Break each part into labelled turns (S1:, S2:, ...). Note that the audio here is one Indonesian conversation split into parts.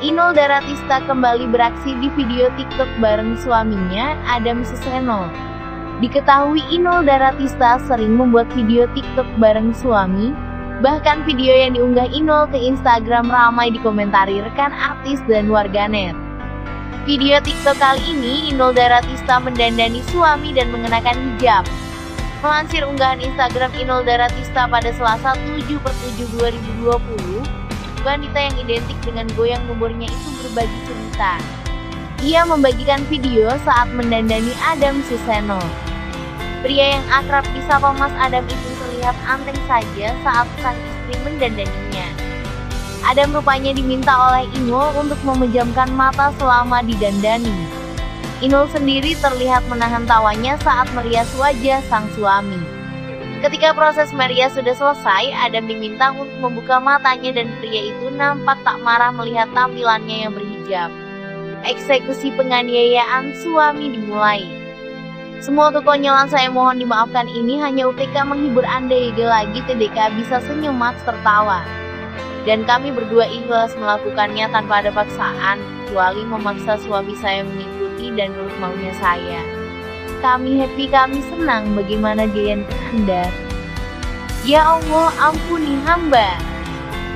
S1: Inul Daratista kembali beraksi di video TikTok bareng suaminya, Adam Suseno. Diketahui Inul Daratista sering membuat video TikTok bareng suami, Bahkan video yang diunggah Inul ke Instagram ramai dikomentari rekan artis dan warganet. Video TikTok kali ini, Inul Daratista mendandani suami dan mengenakan hijab. Melansir unggahan Instagram Inul Daratista pada Selasa 7 per 7 2020, wanita yang identik dengan goyang buburnya itu berbagi cerita. Ia membagikan video saat mendandani Adam Suseno. Pria yang akrab disapa Mas Adam itu terlihat anteng saja saat sang istri mendandaninya. Adam rupanya diminta oleh Inul untuk memejamkan mata selama didandani. Inul sendiri terlihat menahan tawanya saat merias wajah sang suami. Ketika proses merias sudah selesai, Adam diminta untuk membuka matanya dan pria itu nampak tak marah melihat tampilannya yang berhijab. Eksekusi penganiayaan suami dimulai. Semua kekonyolan saya mohon dimaafkan ini hanya UTK menghibur Anda YG lagi TDK bisa senyum mat tertawa. Dan kami berdua ikhlas melakukannya tanpa ada paksaan, kecuali memaksa suami saya mengikuti dan nurut maunya saya. Kami happy, kami senang bagaimana yang Anda. Ya Allah, ampuni hamba.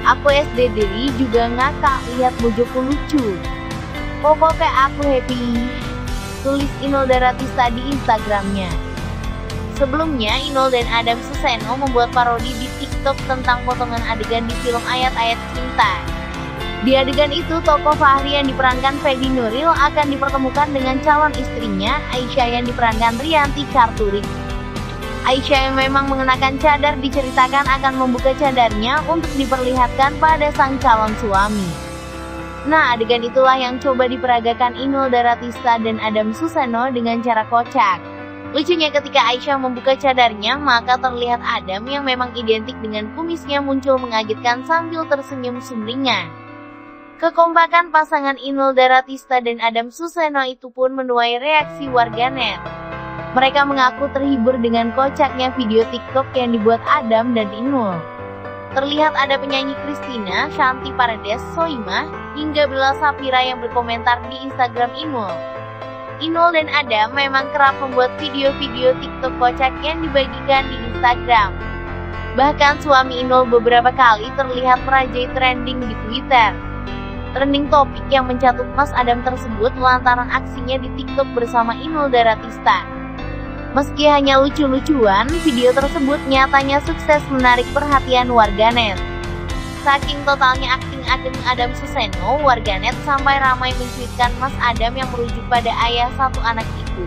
S1: Aku SDDI juga ngakak lihat mojoku lucu. Pokoknya aku happy tulis Inul Daratista di Instagramnya. Sebelumnya, Inul dan Adam Suseno membuat parodi di TikTok tentang potongan adegan di film Ayat-Ayat Cinta. Di adegan itu, tokoh Fahri yang diperankan Fedi Nuril akan dipertemukan dengan calon istrinya, Aisyah yang diperankan Rianti Karturi. Aisyah yang memang mengenakan cadar diceritakan akan membuka cadarnya untuk diperlihatkan pada sang calon suami. Nah, adegan itulah yang coba diperagakan Inul Daratista dan Adam Susano dengan cara kocak. Lucunya ketika Aisyah membuka cadarnya, maka terlihat Adam yang memang identik dengan kumisnya muncul mengagetkan sambil tersenyum sumringah. Kekompakan pasangan Inul Daratista dan Adam Suseno itu pun menuai reaksi warganet. Mereka mengaku terhibur dengan kocaknya video TikTok yang dibuat Adam dan Inul. Terlihat ada penyanyi Christina, Shanti Paredes, Soimah, hingga Bella Safira yang berkomentar di Instagram Inul. Inul dan Adam memang kerap membuat video-video TikTok kocak yang dibagikan di Instagram. Bahkan suami Inul beberapa kali terlihat merajai trending di Twitter. Trending topik yang mencatut Mas Adam tersebut lantaran aksinya di TikTok bersama Inul Daratista. Meski hanya lucu-lucuan, video tersebut nyatanya sukses menarik perhatian warganet. Saking totalnya aksi akun Adam Suseno, warganet sampai ramai mencuitkan Mas Adam yang merujuk pada ayah satu anak itu.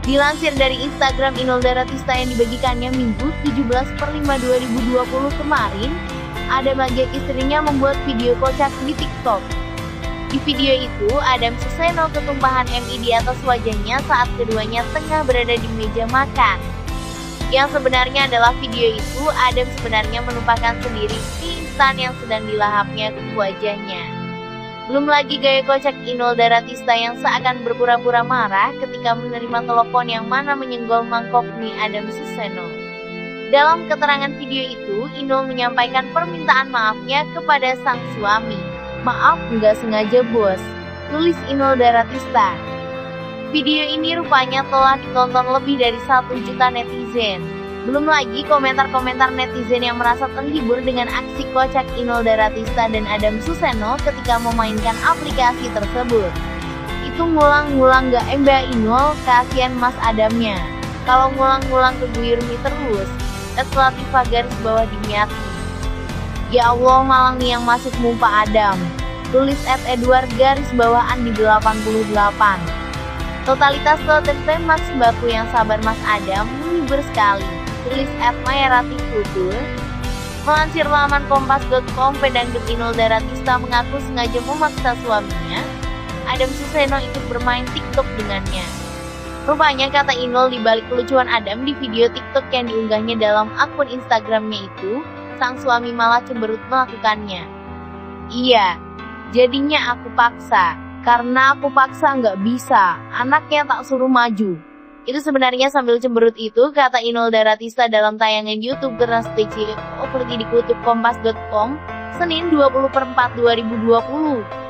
S1: Dilansir dari Instagram Inolda Ratista yang dibagikannya Minggu 17 per 5 2020 kemarin, Adam lagi istrinya membuat video kocak di TikTok. Di video itu, Adam Suseno ketumpahan MI di atas wajahnya saat keduanya tengah berada di meja makan. Yang sebenarnya adalah video itu Adam sebenarnya menumpahkan sendiri tim kesan yang sedang dilahapnya ke wajahnya. Belum lagi gaya kocak Inul Daratista yang seakan berpura-pura marah ketika menerima telepon yang mana menyenggol mangkok mie Adam Suseno. Dalam keterangan video itu, Inul menyampaikan permintaan maafnya kepada sang suami. Maaf nggak sengaja bos, tulis Inul Daratista. Video ini rupanya telah ditonton lebih dari satu juta netizen. Belum lagi komentar-komentar netizen yang merasa terhibur dengan aksi kocak Inul Daratista dan Adam Suseno ketika memainkan aplikasi tersebut. Itu ngulang-ngulang gak emba eh, Inul, kasihan mas Adamnya. Kalau ngulang-ngulang ke Guyurmi terus, Eslatifah eh, garis bawah dimiati. Ya Allah malang nih yang masuk mumpa Adam. Tulis at Edward garis bawah Andi 88. Totalitas Lotte Mas Baku yang sabar Mas Adam menghibur sekali. Tulis at Mayrati Kudul. Melansir laman kompas.com, pedang Deminul Daratista mengaku sengaja memaksa suaminya, Adam Suseno ikut bermain TikTok dengannya. Rupanya kata Inul dibalik kelucuan Adam di video TikTok yang diunggahnya dalam akun Instagramnya itu, sang suami malah cemberut melakukannya. Iya, jadinya aku paksa, karena aku paksa nggak bisa, anaknya tak suruh maju, itu sebenarnya sambil cemberut itu, kata Inul Daratista dalam tayangan Youtube Geras oh pergi dikutip Kompas.com, Senin 20 4 2020.